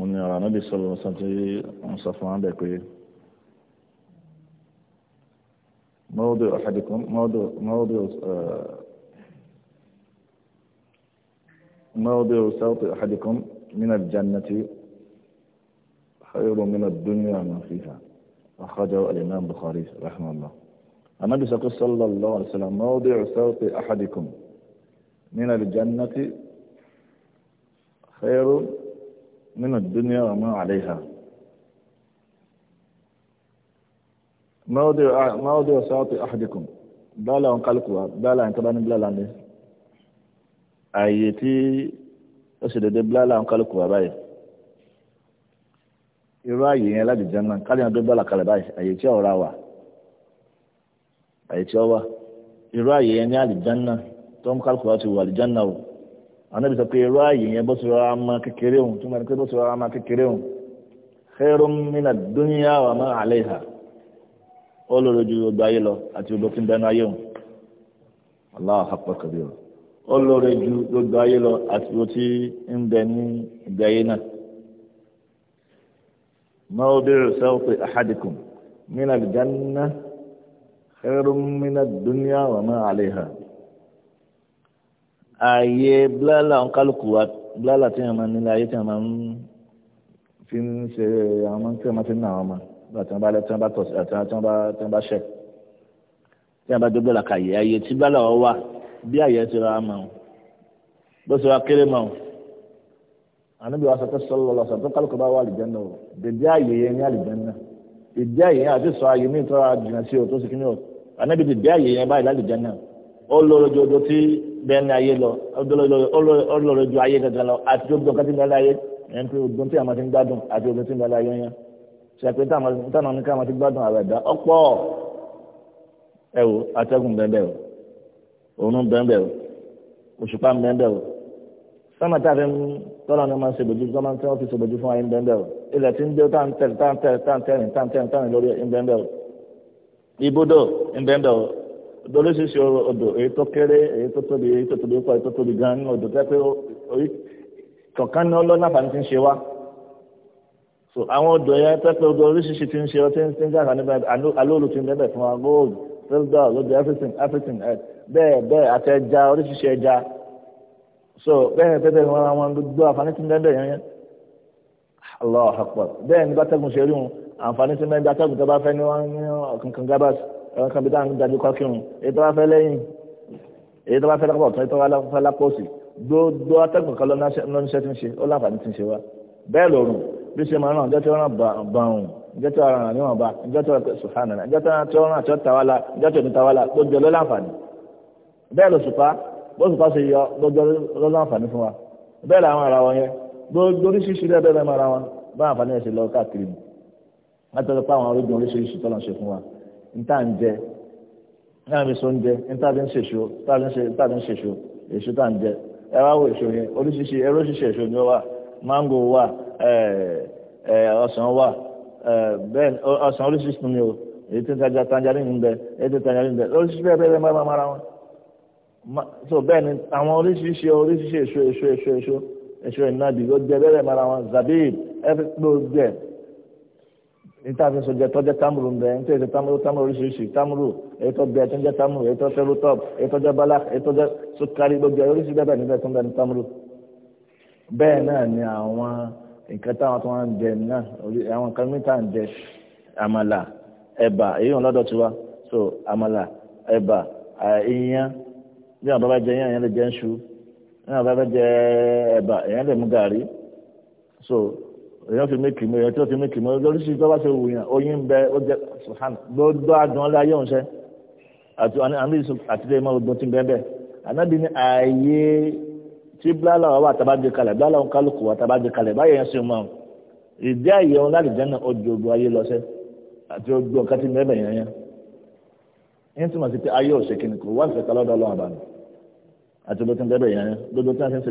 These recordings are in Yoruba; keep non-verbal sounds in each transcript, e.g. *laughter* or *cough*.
òun ni ọ̀rọ̀ anábì sọ̀rọ̀ ọ̀sán tí wọ́n sọ fún wọn bẹ́ẹ̀ pé mọ́ọ́dù ọ̀hádìkún mọ́ọ́dù mọ́ọ́dù mọ́ọ́dù sọ́ọ̀tù ọ̀hádìkún nínú àjànnàtì خير من الدنيا ما فيها أخرجه الإمام بخاري رحمه الله النبي صلى الله عليه وسلم موضع صوت أحدكم من الجنة خير من الدنيا وما عليها موضع موضع صوت أحدكم بلا انقلقوا بلا انتبان بلا لاندي أيتي أسدد بلا لا انقلقوا باي irú ààyè yẹn láti jẹun náà káàdì náà tó bọ́là kalẹ̀ báyìí àyè tí ọ̀rá wà àyè tí ọ irú ààyè yẹn ní àlìjánná tó ń kálukú láti wà àlìjánná o ànábì sọ pé irú ààyè yẹn bó ti rọra ma kékeré òun túmọ̀ ní pé bó ti rọra ma kékeré òun khairun mina dunya wa ma alayha ó lóore ju gbogbo ayé lọ àti gbogbo tí ń bẹnu ayé òun Allahu akbar kabir ó lóore ju gbogbo ayé lọ àti gbogbo tí ń bẹ ní ayé náà mawdi'u sawti ahadikum mina al-janna mina dunya wa ma alayha ààyè bílálà ọ̀nkálùkù wa bílálà tí wọ́n máa ń nílẹ̀ ayé tí wọ́n máa ń fi ń ṣe àwọn máa ń tí wọ́n máa fi ń nà wọ́n mọ́ nígbà tí wọ́n bá lẹ́ tí wọ́n bá tọ̀ sí àti tí wọ́n bá tí wọ́n bá ṣẹ̀ tí wọ́n bá dé bílálà kàyé ààyè tí bílálà wọ́n wà bí ààyè ti ra mọ́ bó ṣe wá kéré mọ́ ànábi wa sọ̀tọ̀ sọ̀rọ̀ lọ sọ̀tọ̀ kálukú bá wà àlìjẹ́ náà dèdè ààyè yẹn ní àlìjẹ́ náà dèdè ààyè yẹn àti sọ ààyè mí ọlọ́rọ̀jọ ọjọ́ tí bẹ́ẹ̀ ní ayé lọ ọlọ́rọ̀jọ ayé gangan lọ àti ọgbọ́n kan tí ń bẹ́ẹ̀ láyé ẹ̀ ń pè ogun tí a máa ti ń gbádùn àti ogun tí ń bẹ́ẹ̀ láyé yẹn ṣàpè táwọn ní ká máa ti gbádùn àrà ẹ̀dá ọ̀pọ̀ ẹ wò atẹ́gùn bẹ́ẹ̀ o òórùn bẹ́ẹ̀ o òṣùpá bẹ́ẹ̀ o sámà tá a fi ń tọ́lọ̀ ní máa ń ṣèbòjú tó máa ń tẹ́ ọ́fì ṣèbòjú fún ayé bẹ́ẹ̀ o ilẹ̀ tí ń dé táǹtẹ̀ táǹtẹ̀ táǹtẹ̀ táǹtẹ̀ lórí bẹ́ẹ̀ o ibùdó bẹ́ẹ̀ o lóríṣiríṣi odò èyí tó kéré èyí tó tóbi èyí tó tóbi pọ̀ èyí tó tóbi gan ní odò tẹ́ pé orí kọ̀ọ̀kan ní ọlọ́nà àfààní ti ń ṣe wá so àwọn odò yẹn tẹ́ pé odò oríṣiríṣi ti ń ṣe ọ ti ń ń jáde níbẹ̀ alóòlù ti ń bẹ̀bẹ̀ fún wa gold silver lóde everything everything eh, bẹ́ẹ̀ bẹ́ẹ̀ àti ẹja oríṣiríṣi ẹja so bẹ́ẹ̀ tẹ́tẹ́ wọn àwọn gbogbo àfààní ti ń bẹ̀bẹ̀ yẹn yẹn Allah akbar bẹ́ẹ̀ ní bá tẹ́gùn ṣe rí wọn àǹfààní ti ń bẹ́ẹ̀ bí atẹ́gùn tó bá fẹ́ ní wọn ní ẹ̀rọ kan bí táwọn ń dájú kọ́ kírun èyí tó bá fẹ́ lẹ́yìn èyí tó bá fẹ́ lápò tó èyí tó bá fẹ́ lápò sí gbogbo atẹ́gùn kan ló ní ṣe ti ń ṣe ó láǹfààní ti ń ṣe wa bẹ́ẹ̀ lòrùn bí ṣe máa ràn ọjọ́ tí wọ́n ràn bàrùn ọjọ́ tí wọ́n ràn níwọ̀n bá ọjọ́ tí wọ́n ràn sùfàànà ọjọ́ tí wọ́n ràn tí wọ́n tawala ọjọ́ tí wọ́n tawala gbogbo ló láǹfààní bẹ́ẹ̀ lò sùpá bó sùpá ṣe yọ gbogbo ló láǹfààní fún wa bẹ́ẹ̀ làwọn ara wọn yẹn gbogbo oríṣiríṣi rẹ̀ bẹ́ẹ̀ lẹ́mọ ara wọn bá àǹfààní ẹ̀ ṣe lọ káàkiri látọ̀rọ̀ pé àwọn orígun oríṣiríṣi tọ́lọ̀ ṣe fún wa níta ń jẹ náà mi so ń jẹ níta bí ń ṣèṣo níta bí ń ṣèṣo èṣo tá ń jẹ ẹ wá wo èṣo yẹn oríṣiríṣi ẹrọ ṣíṣe èṣo ni ó wà máńgò wà ọsàn wà bẹ́ẹ̀ ọsàn oríṣiríṣi ni o èyí tí ń tajà tanjarí ń bẹ èyí tí ń tanjarí ń bẹ oríṣiríṣi bẹ́ẹ̀ bẹ́ẹ̀ bẹ́ẹ̀ mara wọn so bẹ́ẹ̀ ni àwọn oríṣiríṣi oríṣiríṣi èṣo èṣo èṣo èṣo èṣo ìnàbì ó jẹ bẹ́ẹ̀ mara wọn zabib every close there níta fi sọjọ tọjọ tamuru nbẹ níta fi tamuru tamuru oríṣiríṣi tamuru èyí tó bẹ tọjọ tamuru èyí tó fẹrù tọp èyí tọjọ bala èyí tọjọ sukari gbogbo ẹ oríṣiríṣi bẹ́ẹ̀ níbẹ̀ tó ń bẹ ní tamuru. bẹ́ẹ̀ náà ni àwọn nǹkan táwọn tó ń jẹ náà àwọn nǹkan mìta ń jẹ àmàlà ẹ̀bà èyí wọn lọ́dọ̀ tiwa so amala ẹ̀bà ìyàn bí wọn bá bá jẹ ìyàn ìyàn lè jẹ ń ṣu bí wọn bá bá jẹ ẹ̀bà ìyàn lè mú gàrí so èyàn fi mékì mọ èyàn tí ó fi mékì mọ lóríṣiríṣi tó bá ṣe wù yàn oyin ń bẹ ó jẹ sùhánà gbogbo àdùn ọlá yóò ń ṣe àti àmìlísù àtìlẹyìn mọ gbogbo tí ń bẹ bẹ ànábì ní ààyè tí bláàlà wà tá a bá gbé kalẹ̀ bláàlà ń kálukú wà tá a bá gbé kalẹ̀ báyẹn ṣe mọ ìdí àyè wọn láti jẹ́ náà ojú ogun ayé lọ àti ojú ọ̀ká tí ń bẹ yẹn yẹn yẹn tí wọ́n ti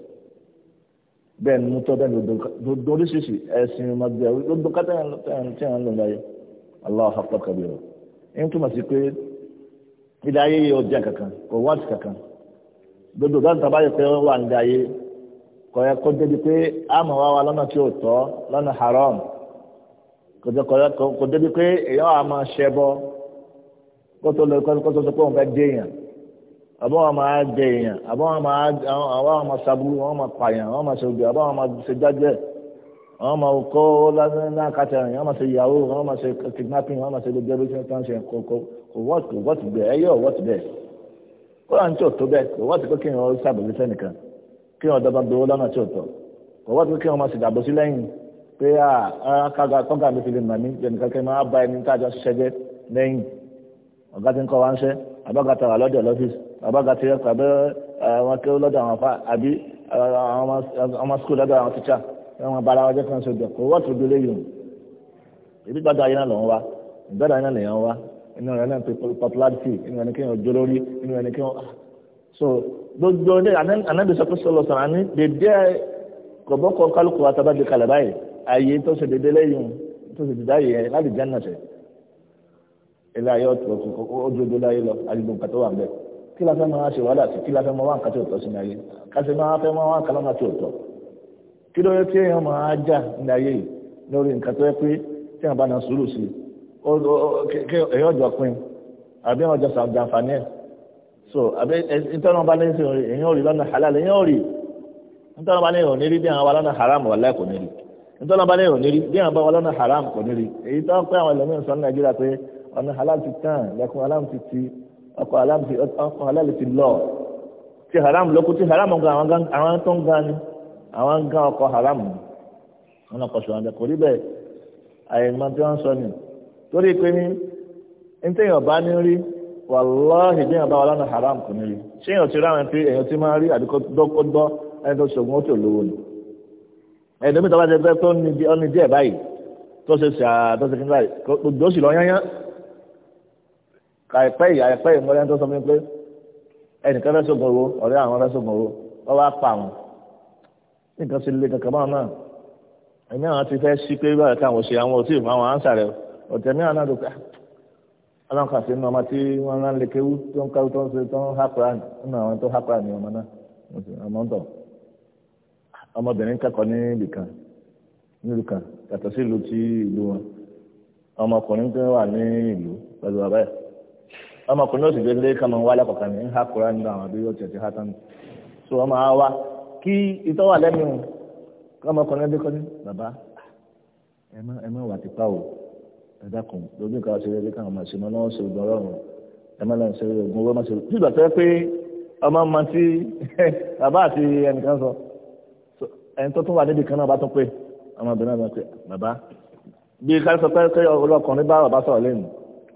bẹ́ẹ̀ ni mútọ́ bẹ́ẹ̀ ni dodo oríṣiríṣi ẹ̀sìn ọmọdé dodo kátà tí wọ́n ń lò láyé Allahu akbar kabira ń túmọ̀ sí pé ilé ayé yẹ ọjà kankan kò wáàtì kankan dodo dáńtà báyìí pé wọ́n wà ní ayé kọ̀yẹ́ kó débi pé àmọ̀ wá wa lọ́nà tí ò tọ́ lọ́nà haram kò débi pé èèyàn àmọ̀ ṣẹbọ kó tó lọ kó tó sọ pé fẹ́ dé èèyàn àbọ̀ wọn máa jẹ èèyàn àbọ̀ wọn máa àwọn àwọn máa ṣàbúrú wọn máa pààyàn wọn máa ṣe òbí àbọ̀ wọn máa ṣe jájẹ́ wọn máa kọ́ lákàtà rìn wọn máa ṣe ìyàwó wọn máa ṣe kidnapping wọn máa ṣe gbogbo ẹbí tí wọn ṣe kò kò kò wọ́ọ̀tì kò wọ́ọ̀tì bẹ́ẹ̀ ẹ̀yẹ́ ò wọ́ọ̀tì bẹ́ẹ̀ kó láǹ tí ò tó bẹ́ẹ̀ kò wọ́ọ̀tì pé kí wọn ṣàbẹ̀lẹ̀ sẹ́nìkan kí wọn dọ́gba gbowó lọ́nà tí ò tọ́ kò wọ́ọ̀tì pé kí wọn máa ṣèdàbò sí lẹ́yìn pé àkága tọ́gà mi fi lè mà mí jẹnìkan kí máa bá ẹni tá a jọ ṣiṣẹ́ jẹ lẹ́yìn ọ̀gá ti ń kọ́ wa ń ṣẹ́ àbọ̀gá tara lọ́dẹ̀ lọ́fíìsì bàbá ti rẹ́pù àbẹ́ àwọn akẹ́wọ́ lọ́dọ̀ àwọn afá àbí àwọn skul lọ́dọ̀ àwọn tíṣà wọn bá ara wọn jẹ́ fún ọ̀sẹ̀ ìjọkọ̀ wọ́n tó délé yìí ìbí gbàdá ayé náà lọ́wọ́ wa ìgbàdá ayé náà lèèyàn wa inú rẹ̀ náà ti popularity inú rẹ̀ ní kéèyàn jó lórí inú rẹ̀ ní kéèyàn so gbogbo ní anábì sọ pé sọlọ sọ̀rọ̀ àní dédé kọ̀bọ́kọ̀ kálukú àtàbàdì kalẹ̀ báyìí ayé tó ṣe dédé lẹ́yìn tó ṣe dídá yìí láti jẹ́ náà ṣe ilé ayé ọ̀tún ọ̀tún ó dúró dé láyé kí la fẹ́ máa ṣe wàhálà sí kí la fẹ́ máa wá nǹkan tí ò tọ́ sí ní ayé kásì máa fẹ́ máa wá nǹkan lọ́nà tí ò tọ́ kí ló yẹ kí èèyàn máa jà ní ayé yìí lórí nǹkan tó yẹ pé tí èèyàn bá na sùúrù sí kí èèyàn ọjọ́ pin àbí ọjọ́ sàǹfààní ẹ̀ so àbí ìtọ́nà bá lẹ́sìn èèyàn ò rí lọ́nà halal èèyàn ò rí ìtọ́nà bá lẹ́yìn ò ní rí bí àwọn wa lọ́nà haram wà láì kò ní rí ìtọ́nà bá lẹ́yìn ò ní rí bí àwọn wa lọ́nà haram kò ní rí èyí tó ń pẹ́ àwọn ẹlòmíràn sọ ní Nàìjíríà pé halal ti tán lẹ́kùn haram ti ti ọkọ̀ halal ti lọ ti haram lóko ti haram gan àwọn tó ń gan ni àwọn gan ọkọ̀ haram wọn náà kọ̀ṣọ́ wọn kò rí bẹ́ẹ̀ àyèmọ tí wọ́n sọ ni torí pé ní ntẹ̀yìn ọba ní rí wàláhì bí ọba ọlọ́nà haram kò ní rí ṣé èèyàn ti rí àwọn pé èèyàn ti máa rí àdúgbò ẹni tó ṣògùn ó ti lówó ni ẹni tó mi bá ti fẹ́ tó ní díẹ̀ báyìí tó ṣe ṣàtọ́sẹ̀ àìpẹ́ yìí àìpẹ́ yìí mọ́lẹ́ tó sọ fún mi pé ẹnìkan fẹ́ sọ̀gùn owó ọ̀rẹ́ àwọn fẹ́ owó wọ́n wá pa àwọn nǹkan sì le kankan báwọn náà ẹ̀mí àwọn ti fẹ́ sí pé báyìí káwọn ṣe àwọn òtí ìfún àwọn ánsà rẹ ọ̀tẹ̀ àwọn náà dòkà ah, aláǹkà sí ní ọmọ tí wọ́n náà lè kéwú tó ń tó ń ọmọbìnrin kẹ́kọ̀ọ́ ní kan kan yàtọ̀ sí ìlú tí ọmọkùnrin náà sì gbé lé kàmọ́ wálé kọ̀ọ̀kan ní ha kúrò nínú àwọn àbí yóò tẹ̀sí hátán so ọmọ àwa wa kí ìtọ́ wà lẹ́nu ọmọkùnrin dé kọ́ni bàbá ẹ má ẹ má wà tipa o ẹ dákun lójú nǹkan ọ̀sẹ̀ lé kàmọ́ màṣẹ mọ́ náà ṣe ògùn ọlọ́run ẹ má lọ́n ṣe ògùn owó má ṣe ògùn nígbà tó yẹ pé ọmọ ọmọ tí *laughs* bàbá àti ẹnìkan sọ ẹni tó tún wà níbi kan náà bá tún pé ọmọbìnrin náà bá pé bàbá bí ká sọ pé ọlọ́kùnrin bá bàbá sọ̀rọ̀ lẹ́nu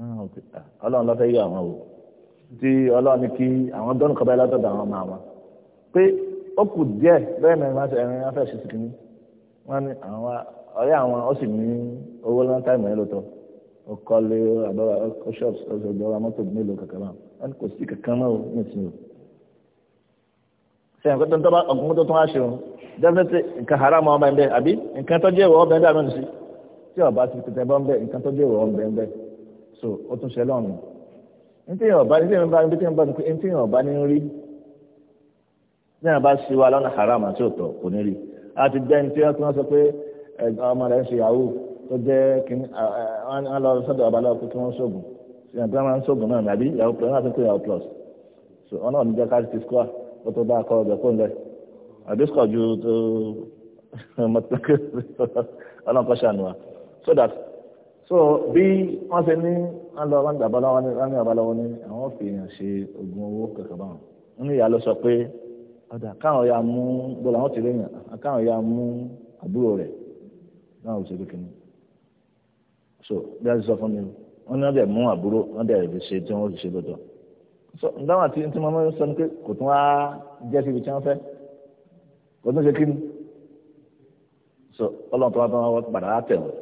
Mm, ọlọ́run lọ́fẹ́ yọ àwọn o tí ọlọ́run ní kí àwọn dọ́nù kọ́ báyìí látọ̀dọ̀ àwọn ọmọ àwọn pé ó kù díẹ̀ bẹ́ẹ̀ ni wọ́n ẹ̀rín afẹ́ ṣe kìíní wọ́n ní àwọn ọ̀rẹ́ àwọn ó sì ní owó lọ́n táìmù yẹn lóòótọ́ ó kọ́lé àbọ̀wá ó ṣọ́ọ̀bù ọ̀ṣọ́gbọ̀wá mọ́tò mélòó kankan náà wọ́n ní kò sí kankan náà nísìnyí o sẹ́yìn kọ́tọ́ tọ́ba ọ̀gbọ́n tó tún wá ṣeun definitely nǹkan haram ọmọ ẹ̀ ń bẹ́ àbí nǹkan tó jẹ́ ìwọ̀ ọ̀bẹ̀ ń bẹ́ àmì nìsí tí ọba ti tètè bọ́ ń bẹ́ nǹkan tó jẹ́ ọ̀bẹ̀ ń bẹ́ so ó tún ṣe lọ́nà nítorí ọba ní tẹ́yìn bá ní tẹ́yìn bá ní pé nítorí ọba ní rí tẹ́yìn bá ṣe wa lọ́nà haram àti òtọ̀ kò ní rí a ti gbẹ́ nítorí wọn tí wọ́n sọ pé ọmọ rẹ̀ ń ṣe yahoo tó jẹ́ kínní wọn lọ sọ́dọ̀ ọba lọ́wọ́ pé kí wọ́n ṣoògùn ṣèyàn tí wọ́n máa ń ṣoògùn náà nàbí yahoo plus wọ́n ti pé yahoo plus so wọn náà ní jẹ́ káàdì ti square ó tó bá akọ ọ̀dọ̀ fóun lẹ̀ àbí square ju tó *laughs* ọlọ́kọ̀ṣà nù wa so that so bí wọ́n ṣe ní wọ́n lọ ráńgà balọ́wọ́ ní ráńgà balọ́wọ́ ní àwọn fèèyàn ṣe oògùn owó kẹ̀kẹ́ báwọn nínú ìyá ló sọ pé ọ̀dà káwọn ya mú bọ́lá àwọn ti léyìn káwọn ya mú àbúrò rẹ̀ náà ò ṣe lókè ní so bí a ti sọ fún mi wọ́n ní wọ́n dẹ̀ mú àbúrò wọ́n dẹ̀ fi ṣe tí wọ́n ti ṣe lọ́dọ̀ so ndáwọn àti tí wọ́n sọ ni pé kò tún wá jẹ́ síbi tí wọ́n fẹ́ kò tún ṣe kí ni so ọlọ́run tó padà á tẹ̀ wọ́n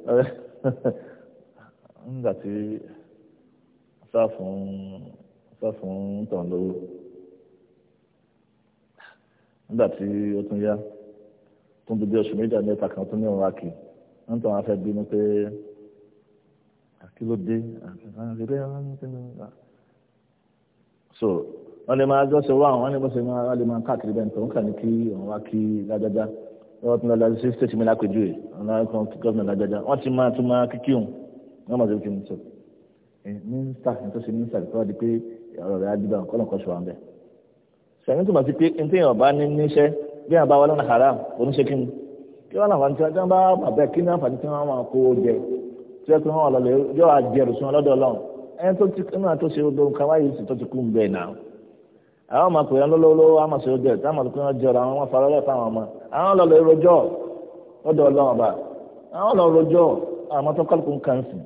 *laughs* nígbà tí sáfún sáfún tàn lówó nígbà tí ó tún yá tó ń dúdú oṣù méjì àti mẹ́ta kan tó ní òun àkì ń tàn án fẹ́ bínú pé àkílódé àkílódé so wọ́n lè máa gbọ́sẹ̀ wá àwọn wọ́n lè máa káàkiri bẹ́ẹ̀ tó ń kà ní kí òun wá kí lájájá wọ́n ti lọ sí state mi lápèjú ẹ̀ ọ̀nà kan gọ́ọ̀nà lágbájá wọ́n ti máa tún máa kíkí òun wọ́n máa tún kí òun sọ. mínísítà ní tó ṣe mínísítà kí wọ́n di pé ọ̀rọ̀ rẹ̀ adúgbò àwọn kọ́lọ̀ kọ́ṣọ́ àwọn bẹ̀. sẹ̀yìn tó máa ti pé ntí èèyàn bá ní níṣẹ́ bí àwọn bá wọlé ní haram oníṣẹ́ kí ni kí wọ́n láǹfààní tí wọ́n bá bàbá kí ní àǹfààní tí wọ́n máa kó jẹ tí wọ́n pé wọ́n lọ àwọn ọmọ pè wọn lọ́wọ́lọ́wọ́ àmọ̀ sí ojú ẹ̀ tí àmọ̀ pé wọ́n jọra àwọn ọmọ faralẹ̀ fáwọn ọmọ àwọn lọ́lọ́ ìrọjọ́ lọ́dọ̀ ọlọ́wọ́n bá àwọn lọ́ rọjọ́ àmọ́ tó kálukú nǹkan sìn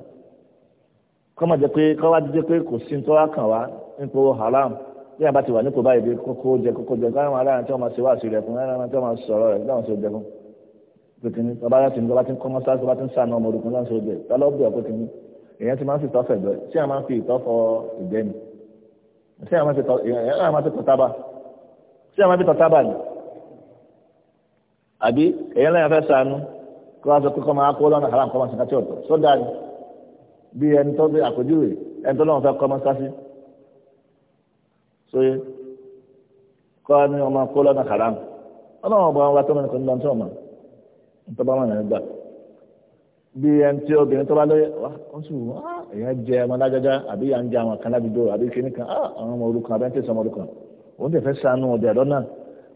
kọ́ máa jẹ pé kọ́ wá jẹ pé kò sí nítorí àkàn wá nípò haram bí àbá ti wà nípò báyìí bí kókó jẹ kókó jẹ káwọn aráàlú tí wọ́n máa ṣe wá sí rẹ̀ fún aráàlú tí wọ́n máa sọ̀rọ̀ rẹ̀ láwọn ṣe jẹ fún pékinní ọba láti ní ọba tí ń kọ́ mọ́sáàsì ọba tí ń sànà ọmọ òdùkún láwọn ṣe jẹ tálọ́ọ̀bù ọ̀pẹ́kinní èèyàn ti máa ń fi ìtọ́fẹ̀ bẹ́ẹ̀ tí a máa ń fi ìtọ́fọ̀ ìgbẹ́ni ṣé àwọn ṣe tọ̀tábà ṣé àwọn ṣe tọ̀tábà ni àbí èyàn lẹ́yìn afẹ́ sànú kí wọ́n sọ pé kọ́ máa kó lọ́nà haram kọ́ máa ṣe kátí ọ̀tọ̀ sódà ni bí ẹni tó bí àpèjúwe ẹni tó lọ́wọ́ fẹ́ kọ́ máa sásí sóye kọ́ ni wọ́n máa kó lọ́nà haram ọlọ́wọ́n bọ̀ wọn wá tó mẹ́rin kan lọ́nà tó wọn mọ̀ nítorí wọn mọ̀ bí ẹni tí obìnrin tó bá lóye wọ́n sì wọ́n ah, èèyàn jẹ ọmọ lágájá àbí ìyá ń jẹ àwọn kan lábìdó àbí kìíní kan ah, àwọn ọmọ orúkọ abẹ́ ń tẹ̀sán ọmọ orúkọ òun tẹ̀ fẹ́ sànú ọ̀dẹ̀ ọ̀dọ́ náà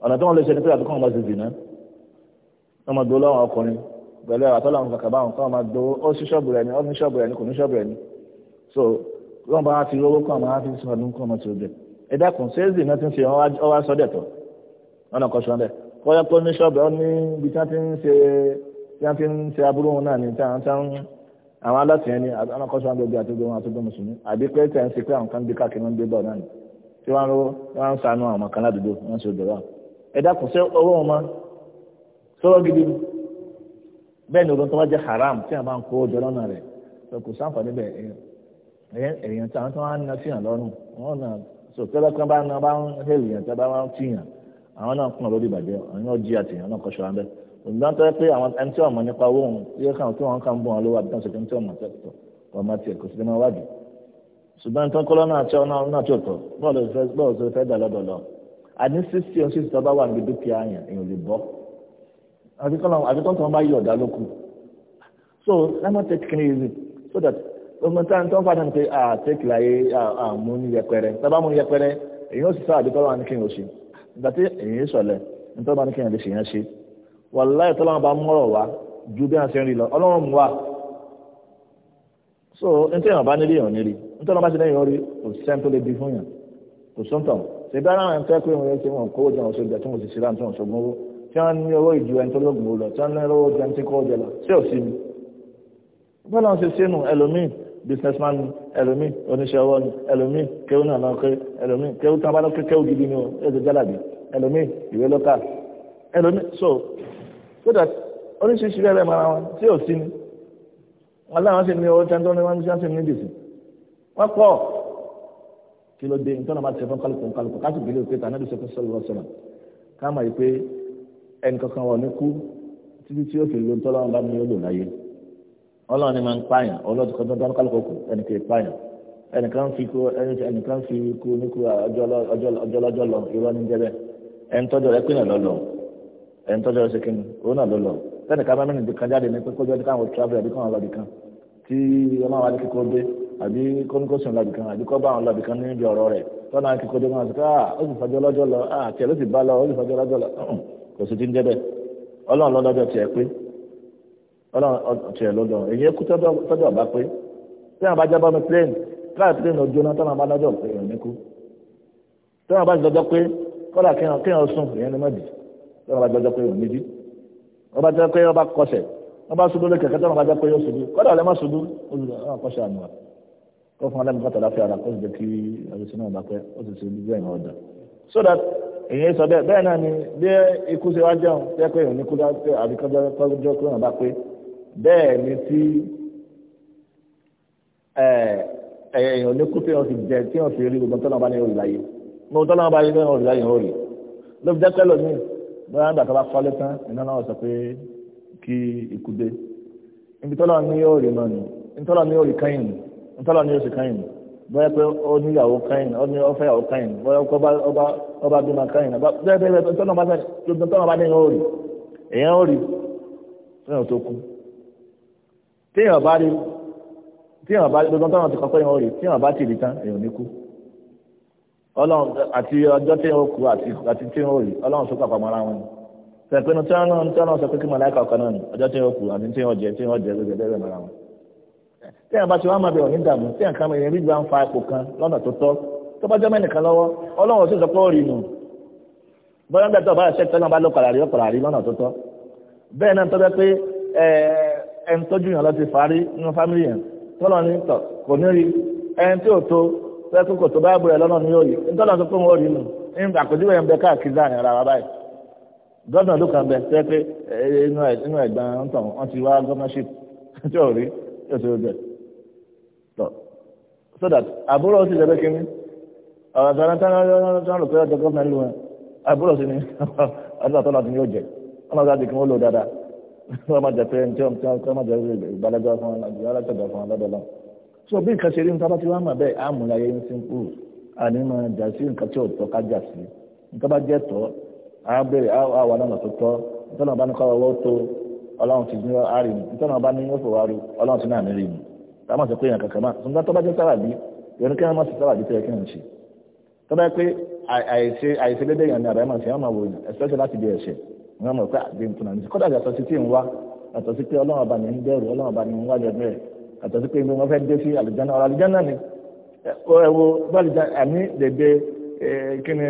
ọ̀nà tó wọn lè ṣe ni pé àbíkọ́ wọn bá dìnnà wọn máa lọ́wọ́ ọkùnrin pẹ̀lú àtọ́lá àwọn kàkàbá wọn kọ́ wọn máa ó sí ṣọ́ọ̀bù rẹ̀ ni ó ní ṣọ́ọ̀bù rẹ̀ ni kò ní ṣọ́ọ̀bù rẹ̀ ni so wọn bá ti rówó kọ́ máa fi sọdún kọ́ máa ti rògbẹ̀ ẹ dákun ṣéèzì náà ti ń ṣe ọ wá sọ́dẹ̀ tọ̀ wọn náà tí wọ́n ti ń ṣe aburú wọn náà ní tí a ti ń àwọn alátìyẹn ni anakọ́sọ wọn gbogbo àti gbogbo àti gbogbo mùsùlùmí àbí pé tí ti pé àwọn kan bí káàkiri wọn gbé bọ̀ náà ni tí wọ́n ń sànú àwọn kan ládùúgbò wọ́n ṣe ẹ dákun ṣé owó wọn máa gidi bẹ́ẹ̀ haram tí na síyàn na ìgbọ́n tó yẹ pé àwọn ẹni tí wọ́n mọ̀ nípa owó òun yóò kàn tí wọ́n kàn ń bọ̀ wọn lówó àbí tán ṣe kí wọ́n mọ̀ tẹ́tọ̀ wọ́n máa tiẹ̀ kò sí lẹ́mọ̀ wádìí ṣùgbọ́n tó ń kọ́ lọ́nà àti ọ̀nà náà tó tọ̀ bọ́ọ̀lù ṣe fẹ́ dà lọ́dọ̀ lọ àní sísí ohun sísí tó bá wà níbi dúkìá yẹn èèyàn lè bọ́ àfikún tó ń bá yí ọ̀dà lókù so lẹ́mọ̀ tẹ́ kiri yìí so that ọmọ tí wọ́n fà dáná pé à tẹ́kì láyé àmú ní yẹpẹrẹ tábà mú ní yẹpẹrẹ èèyàn ó sì sá àdúgbò wà ní kí n ò ṣe ìgbà tí èèyàn sọ̀lẹ̀ nítorí wọn ní kí n lè ṣèyàn ṣe wàláyé tó lọ́wọ́ bá mọ́rọ̀ wá ju bí wọ́n ṣe ń rí lọ ọlọ́run mú so n tẹ́yàn bá nílé èèyàn nílé n tọ́lọ́ bá ti lẹ́yìn orí kò sẹ́ni tó lè bí fún yàn kò sọ́ńtọ̀ ṣe bí ara ń tẹ́ pé wọ́n ṣe wọn kówó jẹun ṣe jẹun tí wọ́n ti ṣe láǹtí wọn ṣogun owó tí wọ́n ní owó ìju ẹni tó lóògùn lọ tí wọ́n ní owó jẹun tí kò jẹ lọ ṣé ò sí mi bọ́lá ń ṣe sínú ẹlòmíì businessman ni ẹlòmíì oníṣẹ́ ọwọ́ ni ẹlòmíì kéwù náà náà ké ẹlòmíì so that oríṣiríṣi rẹ̀ mara wọn tí ò sí ni wọn láwọn sì ní owó tí wọn ní wọn sì ní bìsì wọn pọ̀ kí ló dé nítorí wọn bá ti ṣe fún kálukú kálukú káàtì gbélé òkè tànàbí sọ fún sọlọ sọlọ káàmà yìí pé ẹnì kankan wọn ní kú títí tí ó fi lo tọ́lá wọn bá mi yóò lò láyé ọlọ́run ni máa ń pààyàn ọlọ́run kan tó ń dáná kálukú kù ẹnì kan pààyàn ẹnìkan fi kú ẹnìkan fi kú níkú ọjọ́ lọ́jọ́ lọ ìrọ́ ní jẹ́bẹ̀ ẹnitọ́jọ́ rẹ pínlẹ̀ lọ́lọ́ ẹni tọ́jọ́ ṣe kí ni òun náà ló lọ tẹ́nì ká nìkan jáde ní káwọn travel àbí káwọn lọ́ọ̀dì kan tí kíkó dé àbí lọ́ọ̀dì kan àbí kọ́ bá lọ́ọ̀dì kan ọ̀rọ̀ rẹ̀ tọ́nà kíkó dé wọn sọ pé ah ó ah tiẹ̀ ló sì bá lọ ó sì lọ́jọ́ lọ kò sì ti ń ọlọ́run tiẹ̀ pé tí bá jọjọ́ pé òun méjì wọ́n bá jẹ́ pé wọ́n bá kọsẹ̀ wọ́n bá ṣubú lókè kẹ́tọ́ wọ́n bá jẹ́ pé yóò ṣubú kọ́dà ọ̀lẹ́ má ṣubú olùkọ́sẹ̀ ah, àná kó fún ọlẹ́mú kọ́tà láfíà rà kó sì kí àbísí bá pẹ́ ó sì ṣe ojú ẹ̀yìn ọ̀dà so that èyí sọ bẹ́ẹ̀ bẹ́ẹ̀ náà ni bí ikú ṣe wá jẹun tẹ́ pé òun ní kú láti àbíkọ́jọ́ kọ́jọ́ pé wọ́n bá pé bẹ́ẹ̀ ni tí èèyàn ní kú tí wọ́n fi jẹ tí wọ́n fi rí gbogbo tọ́lọ́mọba ní orí láyé gbogbo tọ́lọ́mọba ní orí láyé orí ló fi jẹ́ pẹ́ lómi bóyá nígbà tó bá kọ́lé tán iná náà sọ pé kí ikú dé ibi tọ́lọ̀ ní yóò rí náà ni ntọ́lọ̀ ní yóò rí kẹ́yìn ntọ́lọ̀ ní yóò sì kẹ́yìn bóyá pé ó ní ìyàwó kẹ́yìn ó ní ọ̀fẹ́ ìyàwó kẹ́yìn bóyá ọba bímọ kẹ́yìn bẹ́ẹ̀ bẹ́ẹ̀ ntọ́lọ̀ bá ní yóò rí èèyàn ó rí fẹ́ràn tó kú téèyàn bá rí téèyàn bá rí gbogbo ntọ́lọ̀ ti kọ́ pé èèyàn ó rí téèyàn bá ọlọ́run àti ọjọ́ tí ó kú àti tí ó rí ọlọ́run sókè àpamọ́ ara wọn pẹ̀pẹ́nu tí wọ́n tí wọ́n sọ pé kí màláìka ọ̀kan náà ni ọjọ́ tí ó kú àti tí ó jẹ tí ó jẹ lóṣẹ̀ lẹ́rẹ̀ mọ́ra wọn. tí àwọn bá ti wọ́n máa bẹ̀rẹ̀ ní dààmú tí àǹkà mẹ́rin rí gbà ń fa ipò kan lọ́nà tó tọ́ tó bá jẹ́ mẹ́nìkan lọ́wọ́ ọlọ́run sì sọ pé ó rí nù bọ́lá ń gbàtọ̀ báyọ̀ sẹ́kítọ́ náà bá lọ kàràrí ọkọ̀ràrí lọ́nà tó tọ́ bẹ́ẹ̀ náà tọ́jọ́ pé ẹni tọ́jú yàn lọ ti farí nínú fámìlì yẹn tọ́lọ́ ní tọ̀ kò ní rí ẹni tí ò tó fẹ́ẹ́kùn kò tó báyìí bóyá lọ́nà ní òye nítorí àwọn tó ń wọ́ọ̀rì nù ń àpèjúwe ẹ̀ ń bẹ káàkiri láàrin ara wa báyìí gọ́dọ̀ ló kàn bẹ fẹ́ pé inú ẹ̀gbọ́n ń tàn wọ́n ti wá gọ́mọ̀ṣìp tí ò rí tí ò ti rọjò tọ́ so that àbúrò sì lẹ́gbẹ́ kínní ọ̀rọ̀ tí wọ́n tán lò pé ọjọ́ gọ́mọ̀ ìlú wọn àbúrò sì ni ọjọ́ àtọ́lá ti ní òjẹ̀ ọmọ ọ̀gá dìkún ó lò dáadáa wọ́n máa jẹ pé ẹni tí wọ́n máa jẹ so bí nǹkan ṣe rí nǹkan bá ti wá mà bẹ́ẹ̀ àmúlẹ̀ ayé ń sin kúrò àní máa jà sí nǹkan tí ò tọ́ ká jà sí nǹkan bá jẹ́ tọ́ á bèrè á wà lọ́nà tó tọ́ nítorí wọn bá ní kọ́ ọwọ́ tó ọlọ́run ti ní àárín mi nítorí wọn bá ní yóò fòwárí ọlọ́run ti náà ní rí mi táwọn sọ pé èèyàn kankan máa ṣùgbọ́n tó bá jẹ́ sábàbí ìrìn kí wọ́n má ṣe sábàbí tó yẹ kí wọ́n ṣe tó bá yẹ pé àìṣe àìṣe dédé èèyàn ní àbáyé máa ṣe wọ́n máa wò yàn especially láti bí ẹ̀ṣẹ̀ wọ́n àtọ́sí pé ibi wọn fẹ́ dé sí àlùjáná ọ̀rọ̀ àlùjáná ni ẹ̀wọ̀ báàlùjá àní dèdè kíni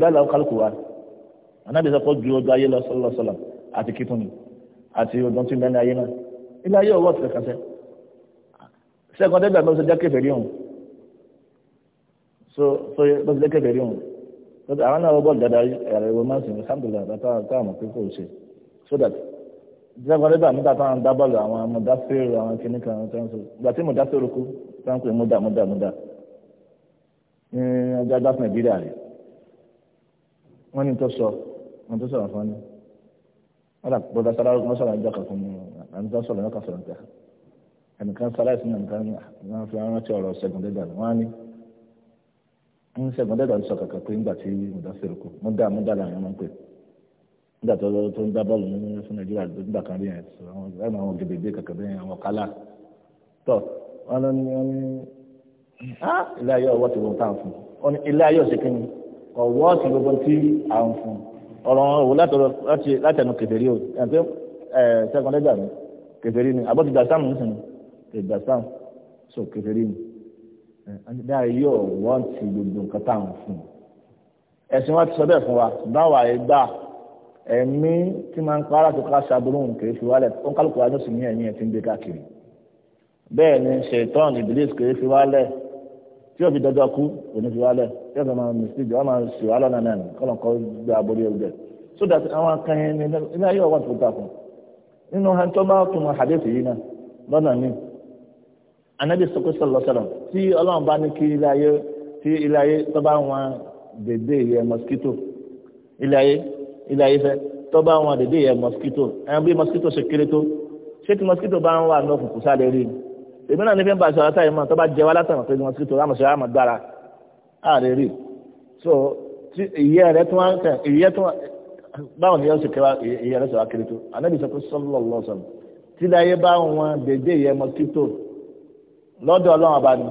báàlù àkàlùkù wa anábì sọ pé ju ojú ayé lọ sọlọ sọlọ àti kíkún ni àti ọdún tí mẹ́rin ayé náà ilé ayé ọwọ́ ti kàṣẹ sẹ́gun débẹ̀ ló ṣe jẹ́ kẹfẹ́ rí òun so so ló ṣe jẹ́ kẹfẹ́ rí òun àwọn náà wọ́n bọ́ọ̀lù dáadáa ẹ̀rọ ìwé máa ń sìn alhamdulilayi àtàwọn àmọ̀ pé kò so that jaguareba nígbà táwọn dábọ̀lù àwọn mọ̀dásẹ́rù àwọn kìnnì kan tó ń sọ ìgbà tí mọ̀dásẹ́rù kú tó ń pè múdà múdà múdà ní ọjọ́ agbáfún nàìjíríà rẹ̀ wọ́n ní tó sọ wọ́n tó sọ̀rọ̀ fún mi wọ́n dà bọ́dá sára wọ́n sọ̀rọ̀ ẹjọ́ kan fún mi àmì tó sọ̀rọ̀ ẹjọ́ kan sọ̀rọ̀ nǹkan ẹnìkan sára ìsinmi nǹkan wọ́n fi rántí ọ̀rọ̀ ṣẹ́gun dẹ́gbà wọ́n á ní ń ṣẹ́gun dẹ́gbà sọ kàkà pé ńgbà tí mọ̀dásẹ́rù kú múdà nígbà tó tó ń dá bọ́ọ̀lù nínú fún nàìjíríà tó nígbà kan rí yẹn àwọn ẹ̀rọ àwọn gèdègbè kàkà bẹ́ẹ̀ àwọn kálá tọ́ wọn lọ ní wọn ní á ilé ayé ọwọ́ ti wọ́n tá à ń fún wọn ní ilé ayé ọ̀sẹ̀ kínní ọ̀wọ́ ti gbogbo tí à ń fún ọ̀rọ̀ òwò láti ẹnu kẹfẹ́rí o àti sẹ́kọ̀ndé gbà mí kẹfẹ́rí ni àbọ̀ ti gbà ń sìn kẹ gbà wa ti wa emi tí máa ń pa ara tó ká ṣàbùrù nǹkan èéfi wálẹ̀ ó ń kálukú wájú ní ti ń gbé káàkiri ni ṣètọ́n ìbílísì kò fi wálẹ̀ tí òbí dọ́jọ́ kú kò ní fi wálẹ̀ tí ọ̀sán máa mí sí wọn máa ṣì lọ́nà náà kọ́nà kọ́ aborí so that àwọn akẹ́yìn ní ilé ayé ọ̀wọ́ tó nínú tó bá tún ilé ayé fẹ́ tó bá wọn dédé yẹ mosquito ẹn bí mosquito ṣe kéré tó ṣé tí mosquito bá ń wà ní òkùnkùn sáré rí ni èmi náà ní fi ń ba ìṣòro àtàyè mọ́ tó bá jẹ wá látàmọ̀ pé mosquito lámọ̀ṣẹ́ àmọ̀ gbára àrè rí so tí ìyẹ́ rẹ tún wá ń tẹ̀ ìyẹ́ tún báwọn ni yẹn ṣe kẹwàá ìyẹ́ rẹ ṣe wá kéré tó anábì sọ pé sọlọ lọ sọ tí ilé ayé bá wọn dédé yẹ mosquito lọ́dọ̀ ọlọ́run ọba ni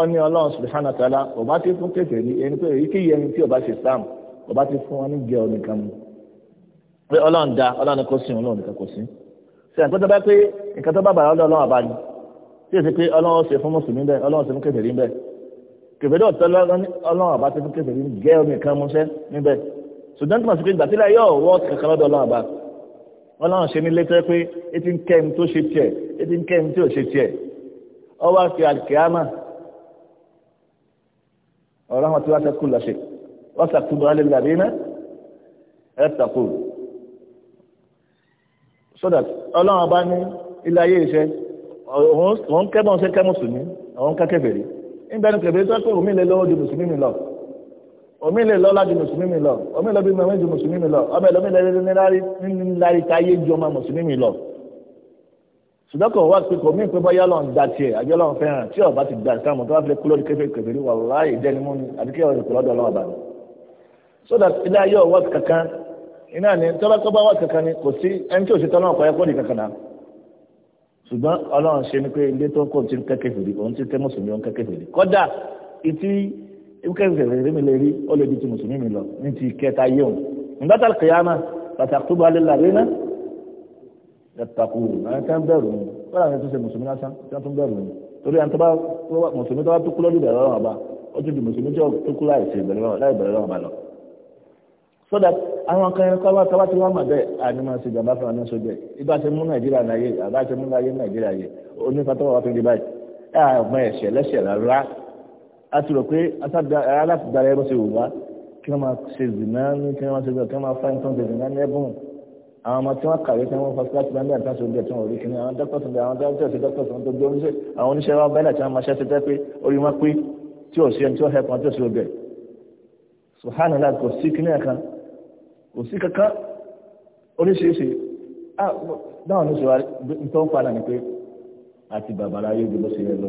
ọ ní ọlọ́run subhanahu wa ọba ti fún kéfèé ní ẹni pé èyíkéyìí ẹni tí ọba ṣe islam ọba ti fún wọn ní jẹ ọ̀nìkan mu pé ọlọ́run da ọlọ́run ni kò sí òun lóun nìkan kò sí ṣe àǹkó tó bá pé nǹkan tó bá bàrà ọlọ́run ọba ni tí èsì pé ọlọ́run ṣe fún mùsùlùmí bẹ́ẹ̀ ọlọ́run ṣe fún kèfèrí bẹ́ẹ̀ kèfèrí ọ̀tọ́ ọlọ́run ọba ti fún kèfèrí jẹ́ ọ̀nìkan mu ṣẹ́ níbẹ̀ ṣùgbọ́n tí mo sì pé ìgbà sílẹ̀ yóò wọ́ kankan lọ́dọ̀ ọlọ́run ọba ọlọ́run ṣe ní létẹ́ pé etí ń kẹ́ mi tó ṣe tiẹ̀ etí ń kẹ́ mi tí ò ṣe tiẹ̀ ọwọ́ àti àkíámà wọ́n ti kú lọ́ṣẹ̀ẹ́ وسكتب على الذين يتقون so that ọlọ́run ọba ní ilé ayé iṣẹ́ òun kẹ́bọ̀n ṣe kẹ́ mùsùlùmí òun kẹ́ kèfèrí nígbà ní kèfèrí tó pé omi lè lọ́wọ́ ju mùsùlùmí mi lọ omi lè lọ́lá ju mùsùlùmí mi lọ omi lè bí mẹ́rin ju mùsùlùmí mi lọ ọmọ ìlú mi lè nílárí táyé ju ọmọ mùsùlùmí mi lọ ṣùgbọ́n kò wá pé kò mí pé bọ́yá lọ́n da tiẹ̀ àjọ lọ́n fẹ́ràn tí ọba ti da ìsàmù tó wá fi kú lórí kèfèrí kèfèrí wàláì jẹ́ni mú ni àbíkẹ́ ọ̀rẹ́ kò lọ́dọ̀ ọlọ́ọ̀bà ni so that ilé ayé ọwọ́ kankan iná ni tọ́lọ́kọ́ bá wà kankan ni kò sí ẹni tí ò ṣe tọ́lọ́ ọ̀pọ̀ ẹ̀kọ́ ní kankan náà ṣùgbọ́n ọlọ́run ṣe ni pé ilé tó ń kó ti kẹ́kẹ́ fèrè òun ti kẹ́ mùsùlùmí òun kẹ́kẹ́ fèrè kọ́dà ìtì kẹ́kẹ́ fèrè mi lè rí ó lè di ti mùsùlùmí mi lọ ní ti kẹta yé òun nígbà tá a kìyà náà pàtàkì tó bá lè là lẹ́nà yàtàkù àwọn kan so that àwọn kan ẹran kọ́wá tọ́wá tí wọ́n mọ̀ bẹ́ẹ̀ ànímọ̀ sí ìjàmbá fún àná sójú ẹ̀ ibà ti mú nàìjíríà náyé àbá ti mú láyé nàìjíríà yẹ onífà tọ́wọ́ wàá fi di báyìí ẹ̀ àmọ́ ẹ̀ṣẹ̀ lẹ́ṣẹ̀ rárá a ti rò pé alátìdára ẹ̀rọ ṣe wò wá kí wọ́n máa ṣe zìnà ní kí wọ́n máa ṣe zìnà kí wọ́n máa fáyín tán ṣe zìnà ní ẹ̀bùn àwọn ọmọ tí wọ́n kàwé tí wọ́n fọ́ síláṣí lọ́ndà tí wọ́n oúnjẹ tí wọ́n rí kíní àwọn dókítà tí àwọn dókítà tí dókítà tó gbé oníṣẹ́ àwọn oníṣẹ́ wa bẹ́ẹ̀ tí wọ́n máa ṣẹ́ṣẹ́ pé orí wọn pé tí ò sí ẹni tí wọ́n hẹ́pọ̀ tí ò sí oúnjẹ. subhanallah kò sí kíní ẹ̀kan kò sí kankan oríṣiríṣi dáhùn ní ìṣòro tó ń padà ní pé àti bàbára yóò gbé bó ṣe yẹ lọ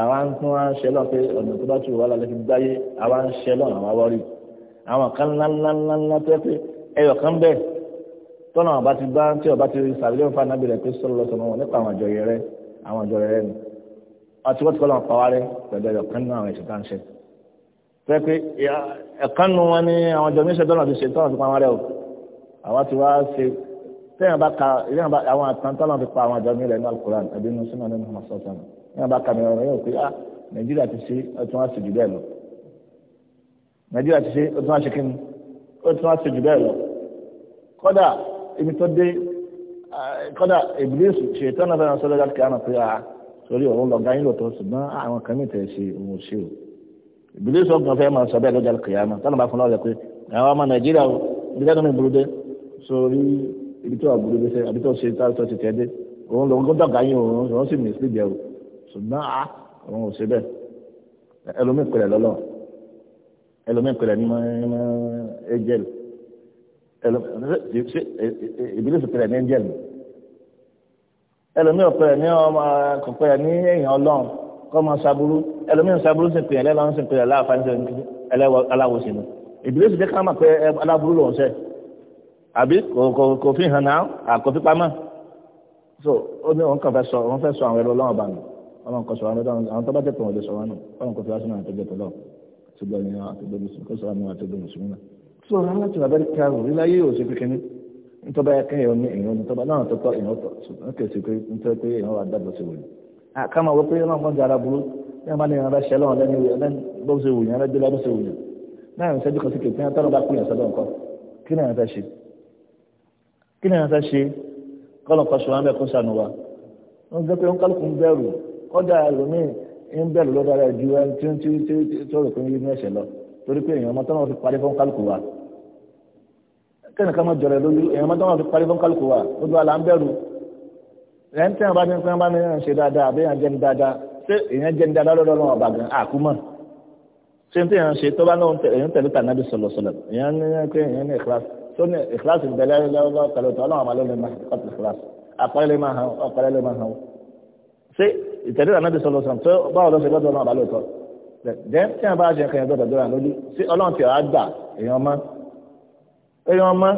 àwa ń tún wá ń ṣẹlọ pé ọ̀nà tó bá tù wá lálẹ́ fi gbáyé àwa ń ṣẹlọ àwọn awọ́rì àwọn kan ńláńláńláńlá tó yẹ pé ẹyọ kan bẹ́ẹ̀ tọ́nà ọba ti bá tí ọba ti sàlẹ̀ fún anábì rẹ̀ pé sọ́lọ́ sọ́nà wọn nípa àwọn àjọyẹ rẹ̀ àwọn àjọyẹ rẹ̀ ni àti wọ́n ti kọ́ lọ́n pa wá rẹ̀ pẹ̀lú ẹyọ kan náà àwọn ẹ̀ṣẹ̀ tá à ń ṣe tẹ́ pé ẹ̀kánu wọn ní àwọn jọ míṣẹ́ dọ́nà ti ṣe tọ́nà ti pa wọn rẹ o àwọn ti wá ṣe tẹ́yìn bá ka ìyẹn bá àwọn àtàntọ́nà ti pa àwọn àjọ mílẹ̀ ní alukoran àbí inú sínú ní muhammad sọ́sán ìyẹn bá ka mi ọ̀rọ̀ yóò pé ah nàìjíríà ti ṣe ó tún wá ṣe jù bẹ́ẹ̀ lọ nàìjíríà ti ṣe ó tún wá ṣe kí ni ó tún wá ṣe jù bẹ́ẹ̀ lọ kódà ibi tó dé kódà ìbílísù ah, ṣe ìbílẹ̀ sọ gan fẹ́ máa sọ bẹ́ẹ̀ lọ́jà kìyàmà tọ́nà bá fún lọ́ọ̀rẹ́ pé àwọn ọmọ nàìjíríà o ibi tẹ́tọ́ mi burú dé sórí ibi tó wà burú dé sẹ́ àbí tó ṣe tó ṣe tẹ́ dé òun lòun gbọ́dọ̀ gà yín òun òun sì mí sí ìbẹ̀rù ṣùgbọ́n a ah, òun ò ṣe bẹ́ẹ̀ ẹlòmíì pẹ̀lẹ́ lọ́lọ́ ẹlòmíì pẹ̀lẹ́ ní mọ́ angel ìbílẹ̀ sọ pẹ̀lẹ́ ní angel ẹlòmíì ọ̀pẹ̀lẹ́ ní ọmọ kọ́ máa ṣàbúrú ẹlòmíràn ṣàbúrú sì pèyàn lẹ́la ń sì pèyàn láàfáà ṣe aláwo sí ni ìbílẹ̀ sì jẹ́ ká máa pẹ́ aláburú lòún ṣe àbí kò fi hàn náà àkọ́fí pamọ́ so ó ní òun kàn fẹ́ sọ òun fẹ́ sọ àwọn ẹrú ọlọ́run bàánù ọlọ́run kò sọ àwọn ẹrú àwọn tó bá jẹ́ tòun ò lè sọ wọn nù ọlọ́run kò fi wá sínú àwọn àtẹ́jọ́ tọ́lọ́ ṣùgbọ́n ní àtẹ́jọ́ mùsùlùmí kò sọ àwọn àtẹ́jọ́ mùsùlùmí náà so àwọn láti wà bẹ́ẹ̀ kárò rí láyé ò sí kékeré nítorí báyà kéèyàn ní èèyàn ní tọ́ba náà tó tọ́ èèyàn tọ̀ ṣùgbọ́n kèsì pé nítorí pé èèyàn wà dàgbà sí wòlíì àkàmọ̀ wọ́n pé náà mọ́jà ara burú ní ọmọ ní ìrànlọ́ṣẹ́ ọlọ́run lẹ́nu ìwé ẹ̀rẹ́ bọ́ọ̀sẹ̀ wù yẹn ẹ̀rẹ́ lọ́dọ̀ṣẹ̀ wù yẹn náà ń sẹ́jú kan sí kẹ̀kẹ́ tọ́lọ́ bá pín ìyànsọ́dọ̀ nǹkan kí ni ìrànlọ́ṣẹ́ ṣe kí ni ìrànlọ́ṣẹ́ ṣe kọ́lọ̀ kọ́ṣọ́ wọn bẹ́ẹ̀ kó sànù wa wọ́n jẹ́ pé kálukú ń bẹ̀rù kọ́dà ẹlòmíì ń bẹ̀rù lọ́dọ̀ rẹ̀ ju ẹni tí tí tí tó rò pé ń yé ní ẹ̀ṣẹ̀ lọ torí pé èèyàn mọ́tọ́ náà fi parí fún kálukú wa kẹ́nìkan mọ́ jọ̀rọ̀ lójú èèyàn mọ́tọ́ náà fi parí fún kálukú wa gbogbo àlà ń bẹ̀rù ẹni tí wọn bá ti ń sẹ́wọ́n bá ní ṣe dáadáa àbí èèyàn jẹni dáadáa ṣé èèyàn jẹni dáadáa lọ́dọ̀ lọ́wọ́ ọba gan àkúmọ̀ ṣé ní tí èèyàn ṣe tó bá náà èèyàn tẹ̀lé tà nábì sọ̀lọ̀ sọ̀lọ̀ èèyàn ní pé èèyàn ní ìkíláàsì tó ní ìkíláàsì bẹ̀lẹ́ lọ́wọ́ pẹ̀lú tó ọlọ́run àmàlẹ́ lè máa kọ́tù ìkíláàsì àpẹẹrẹ máa hàn ọ̀pẹẹrẹ lè máa hàn ṣé ìtẹ̀lé tà nábì sọ̀lọ̀ sọ̀lọ̀ tó báwo lọ́sẹ̀ gbọ́dọ̀ tí wọn bá ṣe nǹkan yẹn gbọ́dọ̀ lójú sí ọlọ́run tí ọ̀rá gbà èèyàn mọ́ èèyàn mọ́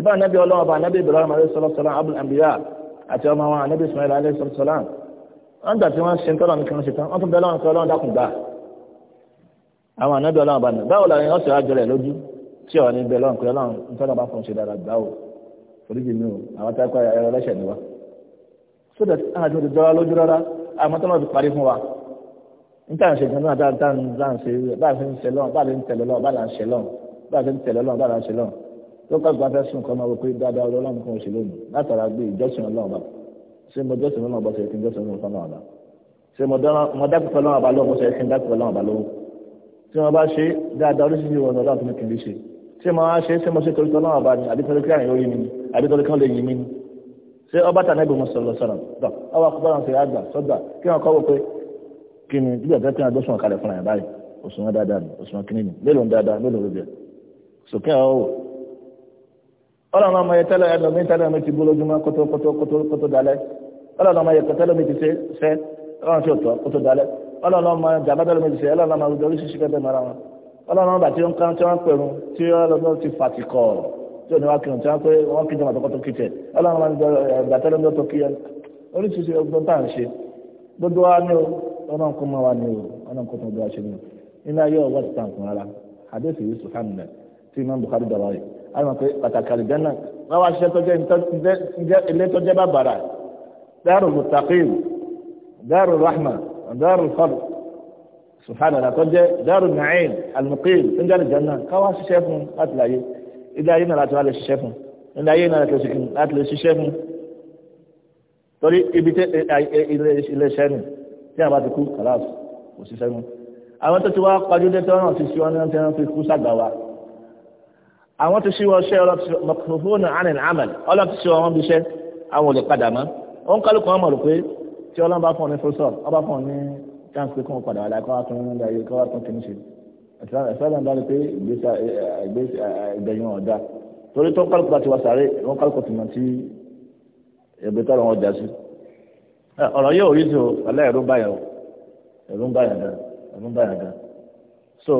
ìbá nábì ọlọ́run ọba nábì Ibrahim alayhi sọlọ́ sọlọ́ abul àti ọmọ wọn ànábì Ismail alayhi salam wọn gbà tí wọn ṣe ń tọ́lọ̀ ní kí wọ́n ṣe tán wọ́n tún bẹ́ẹ̀ lọ́wọ́ tọ́lọ́ dákùn gbà àwọn ànábì ọlọ́run bá nù báwo la yẹn ọ̀sẹ̀ àjọ rẹ̀ lójú tí ọ̀ ní bẹ́ẹ̀ lọ́wọ́ pé ọlọ́run tọ́lọ́ bá fún ṣe dára gbà ó oríjì mi ò àwọn tá a kọ́ ẹ̀rọ ẹlẹ́ṣẹ̀ ni wa so that àjọ ti dọ́ra lójú rárá àmọ́ tọ́lọ́ ti parí fún wa níta ń ṣe gan náà dáadáa ń ṣe báyìí ń ṣe lọ́wọ́ báyìí ń tẹ̀lé lọ́wọ́ báyìí ń ṣe lọ́wọ́ báyìí ń ṣe lọ́wọ́ tó kàgbà fẹ́ sùn kọ́ máa wọ pé dáadáa ọlọ́run kan ṣe lónìí látara gbé ìjọsìn ọlọ́run bá ṣé mo jọ́sìn ọlọ́run bá ṣe kí n jọ́sìn ọlọ́run bá ṣé mo dákùkọ ọlọ́run bá lọ́wọ́ ṣe kí n dákùkọ ọlọ́run bá lọ́wọ́ tí wọ́n bá ṣe dáadáa oríṣiríṣi wọn ọlọ́run tó ní kí n lè ṣe ṣé mo á ṣe ṣé mo ṣe torí ọlọ́run bá ní àbí torí kí àyìn orí mi ni àbí torí kí wọ́n lè yìn mí ni ṣé ọba tà nẹ́bí mo sọ̀rọ̀ sọ̀rọ̀ tọ́ ọba kọ́ báwọn ṣe àgbà sọ́gbà kí wọ́n kọ́ wọ pé kí ni bí ọ̀gá tí wọ́n gbé sùn ọlọ́run ọmọ yẹn tẹ́lẹ̀ ẹlòmíín tẹ́lẹ̀ mi ti bólójúmọ́ kótó kótó kótó kótó dalẹ̀ ọlọ́run ọmọ yẹn tẹ́lẹ̀ mi ti ṣe fẹ́ ọlọ́run ṣe òtọ́ kótó dalẹ̀ ọlọ́run ọmọ jàmbátẹ́lẹ̀ mi ti ṣe ọlọ́run ọmọ ọdún oríṣiríṣi fẹ́ mara wọn ọlọ́run ọba tí ó ń kán tí wọ́n ń pẹ̀rù tí ọlọ́run ti fàtì kọ̀ tí òní wá kírun tí wọ́n pé wọ́n kí jọmọ̀ tọkọ́tọ́ kí tẹ̀ ọlọ́run ọmọ jàmbátẹ́lẹ̀ mi tó kí oríṣiríṣi ọgbọ́n tá à ń ṣe gbogbo wa ni o ọlọ́run kó mọ́ wa ni o ọlọ́run kó tó gbọ́ wa ṣe ni o nínú ayé ọgbọ́n ti tàn kùn ara àdéhùn yìí sùhánù rẹ̀ tí imam Bukhari dọ̀rọ̀ yìí àwọn pé pàtàkì àlìjánà wọn wá ṣiṣẹ́ tọ́jẹ́ ilé tọ́jẹ́ bàbàrà dáàrú mustaqim dáàrú rahma dáàrú fadl subhana allah tọ́jẹ́ dáàrú na'im al-muqim tọ́jẹ́ àlìjánà káwá ṣiṣẹ́ fún láti láyé ilé ayé náà láti wá lè ṣiṣẹ́ fún ilé ayé náà láti lè ṣiṣẹ́ fún torí ibi tẹ ilé iṣẹ́ ni tí a bá ti kú kàlá kò ṣiṣẹ́ mọ́ àwọn tó ti wá pàdé tẹ́wọ́n ti ṣe wọn ní wọn ti kú sàgbà wa àwọn ti ṣíwọ́ ṣẹ́ ọlọ́tìmọ̀kùnfóònù àrìn àmàlì ọlọ́tì ṣíwọ́ wọn bí ṣẹ́ àwọn olè padà mọ́ ó ń kálukú wọn mọ̀ rò pé tí ọlọ́run bá fún ọ ní fúrúsọ̀rọ̀ ọ bá fún ọ ní chance pé kí wọ́n padà wà láì kọ́ wá tún ní ayé kọ́ wá tún kì í ṣe ìṣẹ́lẹ̀ ń bá rí pé ìgbẹ̀yìn ọ̀dà torí tó ń kálukú àti wasàrè wọ́n kálukú tìmọ̀ tí ẹ̀bẹ̀ tọrọ wọn jà sí ọ̀rọ̀ yóò rí tó aláìrú báyọ̀ ẹ̀rú ń báyọ̀ dá ẹ̀rú ń báyọ̀ dá so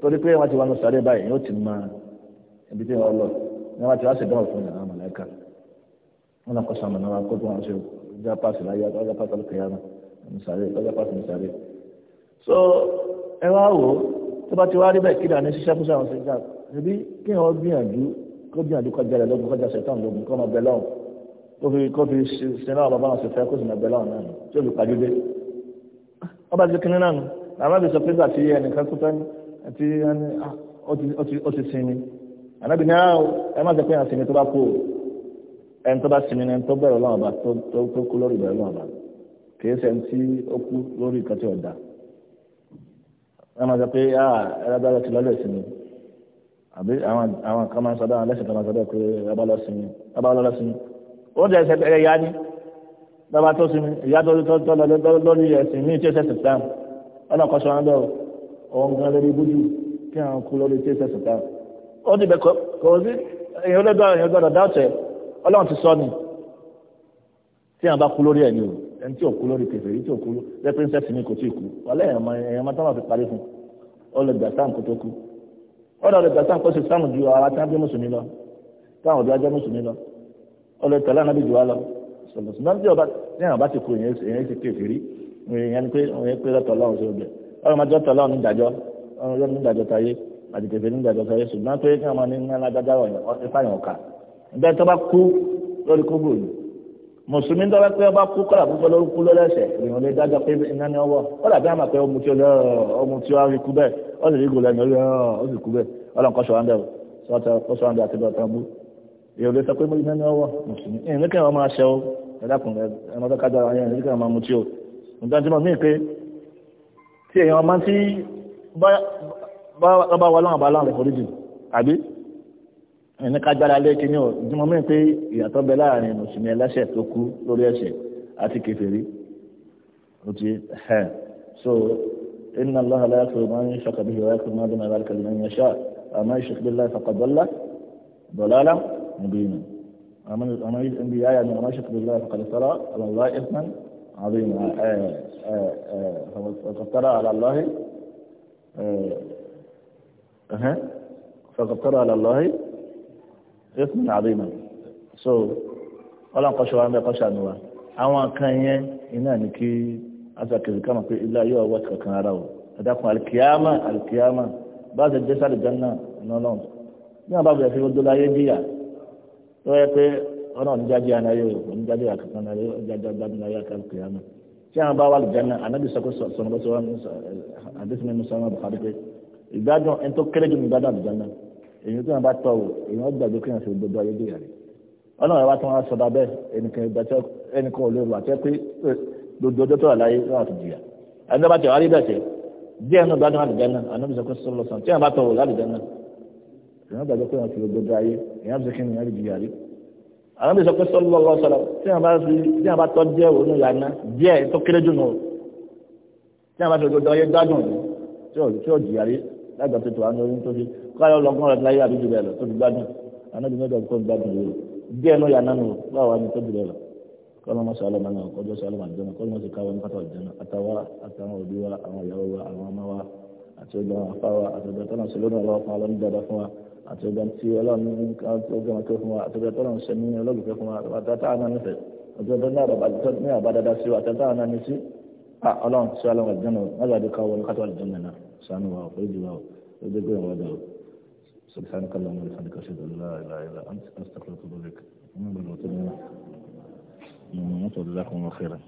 torí pé wọ́n ibi tí wọ́n lọ ní wọ́n ti wá sí dọ́ọ̀ fún àwọn mọ̀lẹ́kà wọn náà kọ́ sàmù náà kó tó wọn ṣe ọjà pàṣẹ láyé ọjà pàṣẹ lókèyà nìsàlẹ̀ ọjà pàṣẹ nìsàlẹ̀. so ẹ wá wò ó tó bá ti wá rí bẹ́ẹ̀ kí dàní ṣiṣẹ́ fún sàmù sí gà níbi kí wọ́n gbìyànjú kó gbìyànjú kọjá rẹ̀ lógun kọjá ṣẹ̀tàn lógun kọ́ ọmọ bẹ́ẹ̀ lọ́hùn kó fi kó fi sinú àwọn bàbá wọn sì fẹ́ kó sì mọ̀ bẹ́ẹ̀ lọ́hùn náà tí ó fi pàdé dé. wọ́n bá ti kiri náà nù àmọ́ bí sọ pé gbà tí ẹnìkan kú fẹ́ ni àti ẹni ah, ó ti sinmi ànábì ní àwọn ah, ẹ má jẹ́ pé àwọn sinmi tó bá kú o ẹni tó bá sinmi ní ẹni tó bẹ̀rẹ̀ ọlọ́run ọba tó kú lórí ìbẹ̀rẹ̀ ọlọ́run ọba kìí ṣe ẹni tí ó kú lórí nǹkan tí ò da ẹ má jẹ́ pé ẹlẹ́dàá ti lọ́lẹ̀ sinmi àbí àwọn kan máa ń sọdọ́ àwọn ẹlẹ́sìn kan máa ń sọdọ́ pé ẹ bá lọ sinmi ẹ bá lọ sinmi ó jẹ́ ẹsẹ̀ ẹ̀yà ni bàbá tó sinmi ìyá tó lórí ẹ̀sìn míì tí ó ṣẹ̀ṣẹ̀ sáà ó níbẹ̀ kò sí èyàn lọ́dọ̀ èyàn gbọ́dọ̀ dáàtẹ̀ ọlọ́run ti sọ ni tí àwọn bá kú lórí ẹ̀ o ẹni tí ò kú lórí kẹfẹ́ yìí tí ò kú lẹ́ princess mi kò tí ì kú wàlẹ́ èyàn máa èyàn máa tán máa fi parí fún ọ lè gbà sáà kó tó kú ó lọ lè gbà sáà kó sì sáà ju ara tí wọ́n jẹ́ mùsùlùmí lọ táwọn ọ̀dọ́ ajẹ́ mùsùlùmí lọ ó tẹ̀lé ànábì jù wá lọ ṣùgbọ́n tí àti kẹfẹ nígbà tó sọ yéṣu náà pé kí wọn ní ní alágbádá wọn ọtí fáyọn ọkà nígbà tó bá kú lórí kúbù ni mùsùlùmí tó bá pé ọba kú kọlà púpọ̀ lórí kú lọ́lẹ́sẹ̀ èèyàn lè dájọ́ pé iná ní ọwọ́ kọlà bí wọn máa pẹ ọmú tí ọmú tí wọn kú bẹ́ẹ̀ ó sì rí gòlẹ́ ní orí ó sì kú bẹ́ẹ̀ ọlọ́nkọ́ sọ wọn bẹ́ẹ̀ sọ́tọ̀ ó sọ wọn bẹ́ẹ̀ àti bẹ́ẹ̀ tán bú èèyàn lè sọ pé iná ní ọwọ́ mùsùlùmí èèyàn lè kẹ́wọ́n máa ṣẹ́ o ẹ̀dákùnrin ẹ̀mọ́tọ́ kájọ́ ara yẹn lè kẹ́wọ́n máa mú tí o nǹkan tí mo mí pé tí èèyàn máa ti bá wà lọ́wọ́ àbálọ́ àwọn oríjì àbí ẹni kágbára lẹ́ẹ̀kì ní ọ̀dúnmọ́ mẹ́rin pé ìyàtọ̀ bẹ láàrin mùsùlùmí ẹlẹ́ṣẹ̀ tó kú lórí ẹ̀ṣẹ̀ àti kèfèrí ó ti ẹ̀ so inna Allaha la yaghfiru an yushraka bihi wa yaghfiru ma duna dhalika liman yasha wa man yushrik billahi faqad dalla dalalan mubina àmọ́ ibi yáyà ni wa man yushrik billahi faqad iftara ala Allahi ithman azima faqad iftara ala Allahi Uh-huh. فقد قرأ على الله إثم عظيما so ọlọ́n kọ́ṣọ́ wa ń bẹ kọ́ṣọ́ àmì wa àwọn kan yẹn iná ní kí azakiri kama pé ilé ayé ọwọ́ ti kankan ara o ẹ̀dàkùn alikiyama alikiyama bá ṣe jẹ́ sáré jẹ́nà nọ́nà ní àwọn bàbá ìfẹ́ ojú láyé jìyà tó yẹ pé ọ̀nà oníjáde anáyé o oníjáde àkàkọ́ náà yóò jáde agbádùn láyé àkàkọ́ alikiyama tí àwọn bá wà lè jẹ́nà anábì sọ̀rọ̀ sọ̀rọ̀ sọ̀rọ̀ àdéhùn mímú sọ̀rọ̀ bàbá ìgbádùn ẹni tó kéré jù ní ìgbádùn àlùjánnà èyí tó yàn bá tọ̀ wò èyí wọ́n gbàgbé kéèyàn ṣe gbogbo ayé dè rẹ̀ ọlọ́run ẹ̀ wá tí wọ́n sọ dá bẹ́ẹ̀ ẹnìkan ò lè wà tẹ́ pé gbogbo ọjọ́ tó wà láyé wọ́n àti jìyà ẹni tó bá tẹ̀ wá rí bẹ́ẹ̀ tẹ̀ díẹ̀ náà gbádùn àlùjánnà ànábìsọ kó sọ lọ sàn tí yàn bá tọ̀ wò lálùjánnà èèyàn gbàgbé kéèyàn ṣe gbogbo ayé èèyàn bí kéèyàn rí jìyà rí ànábìsọ kó sọ tí yàn bá tọ́ díẹ̀ wò ní ìlànà díẹ̀ tó kéré jù nù tí yàn bá tọ̀ gbogbo ayé gbádùn tí yóò jìyà rí lágbà tó tó wà lórí tó fi káyọ̀ lọ́gbọ́n rẹ̀ láyé àbí jù bẹ́ẹ̀ lọ tó fi gbádùn anábì mẹ́jọ kó gbádùn yìí díẹ̀ náà yà nánu báwa ni tó jù bẹ́ẹ̀ lọ kọ́lọ́ mọ́ sọ alọ́mọ náà kọjọ́ sọ alọ́mọ àjọmọ kọ́lọ́ mọ́ káwọn nípa tàwọn jẹun àtàwà àtàwọn òbí wa àwọn ìyàwó wa àwọn ọmọ wa àti ọgbà wọn afá wa àti ọgbà tọ́lá sí lónìí ọlọ́pàá ọlọ́ni dada fún wa àti ọgbà tí ọlọ́ni ọgbà tó fún wa àti ọgbà tọ́lá sí ní ọlọ́gbẹ̀fẹ́ fún wa àtàtà àná nífẹ̀ẹ́ ọjọ́ tó ní àbádada sí wa àtàtà àná ní sí ọlọ́run sí ọlọ́run àjọmọ náà ṣàánú wa ọ̀pọ̀ ìjì wa ó dé gbé ìwọ́dà سبحانك اللهم وبحمدك اشهد ان لا اله الا انت استغفرك واتوب اليك من المتدين من الله خيرا